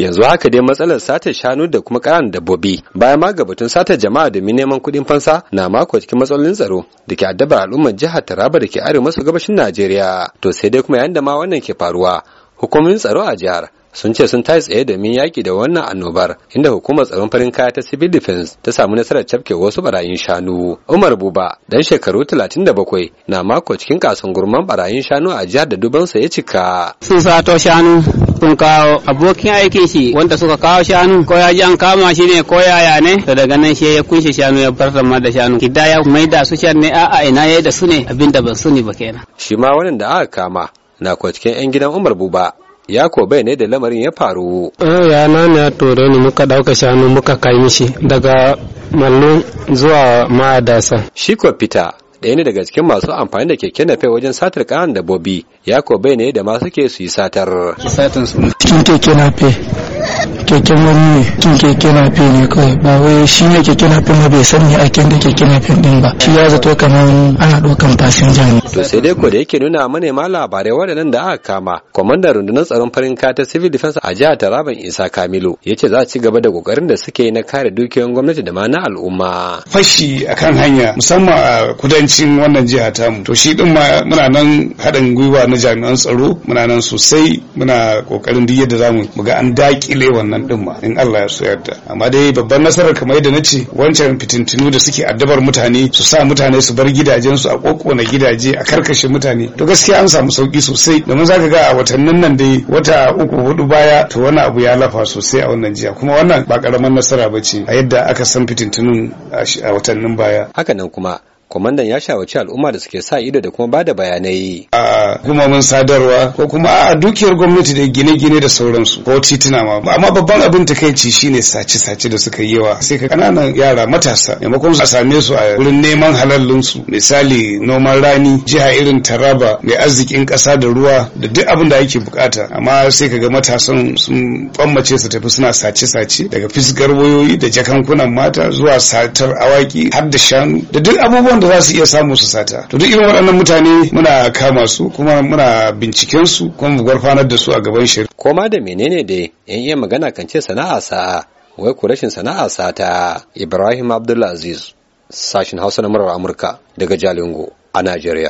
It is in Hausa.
yanzu haka dai matsalar satar shanu da kuma ƙananan dabbobi bayan ma batun satar jama'a domin neman kuɗin fansa na mako cikin matsalolin tsaro da ke addabar al'ummar jihar Taraba da ke arewa maso gabashin Najeriya to sai dai kuma yayin da ma wannan ke faruwa hukumomin tsaro a jihar sun ce sun tashi tsaye da domin yaƙi da wannan annobar inda hukumar tsaron farin kaya ta civil defense ta samu nasarar cafke wasu barayin shanu umar buba dan shekaru 37 na mako cikin kasan gurman barayin shanu a jihar da duban dubansa ya cika sun sato shanu sun kawo abokin aikin shi wanda suka kawo shanu ko ya ji an kama shi ne ko yaya ne to daga nan shi ya kunshi shanu ya bar ma da shanu ya mai da su shan ne a ina yayi da su ne abinda ban sani ba kenan shi ma wannan da aka kama na kuwa cikin yan gidan Umar Buba ya ko bai ne da lamarin ya faru. Eh, ya nana ya tore ni muka dauka shanu muka kai mishi daga mallu zuwa ma'adasa. Shi ko fita ɗaya ne daga cikin masu amfani da keke nafe wajen satar ƙanan dabbobi ya ko ne da masu ke su yi satar. keken wani ne kin keke na ne kawai ba wai shi ne keke bai sani a kin da keke na ba shi ya zato kamar ana dokan fasinja ne. to sai dai ko da yake nuna manema labarai waɗannan da aka kama kwamandan rundunar tsaron farin kata civil defense a jihar taraban isa kamilu ya ce za a ci gaba da kokarin da suke yi na kare dukiyoyin gwamnati da ma na al'umma. fashi akan hanya musamman a kudancin wannan jiha tamu to shi din ma muna nan haɗin gwiwa na jami'an tsaro muna nan sosai muna kokarin duk yadda zamu mu ga an daƙile wannan wannan din ma in Allah ya so yarda amma dai babban nasarar kamar yadda na ce wancan fitintunu da suke addabar mutane su sa mutane su bar gidajen su a kokona gidaje a karkashe mutane to gaskiya an samu sauki sosai domin zaka ga a watannin nan dai wata uku hudu baya to wani abu ya lafa sosai a wannan jiya kuma wannan ba karaman nasara bace a yadda aka san fitintunun a watannin baya haka nan kuma kwamandan ya shawarci al'umma da suke sa ido da kuma ba da bayanai. A hukumomin sadarwa ko kuma a dukiyar gwamnati da gine-gine da sauransu ko tituna ma. Amma babban abin takaici shine sace-sace da suka yi yawa. Sai ka kananan yara matasa maimakon su a same su a wurin neman halallunsu. misali noman rani jiha irin Taraba mai arzikin ƙasa da ruwa da duk abin da ake bukata. Amma sai ka ga matasan sun bammace su tafi suna sace-sace daga fisgar wayoyi da jakankunan mata zuwa satar awaki har da shanu da duk abubuwan wanda za su iya samu su sata to duk irin waɗannan mutane muna kama su kuma muna binciken su kuma mu gurfanar da su a gaban shi koma da menene dai yan iya magana kan ce sana'a sa wai ku rashin sana'a sata Ibrahim Abdulaziz sashin Hausa na murar Amurka daga Jalingo a Najeriya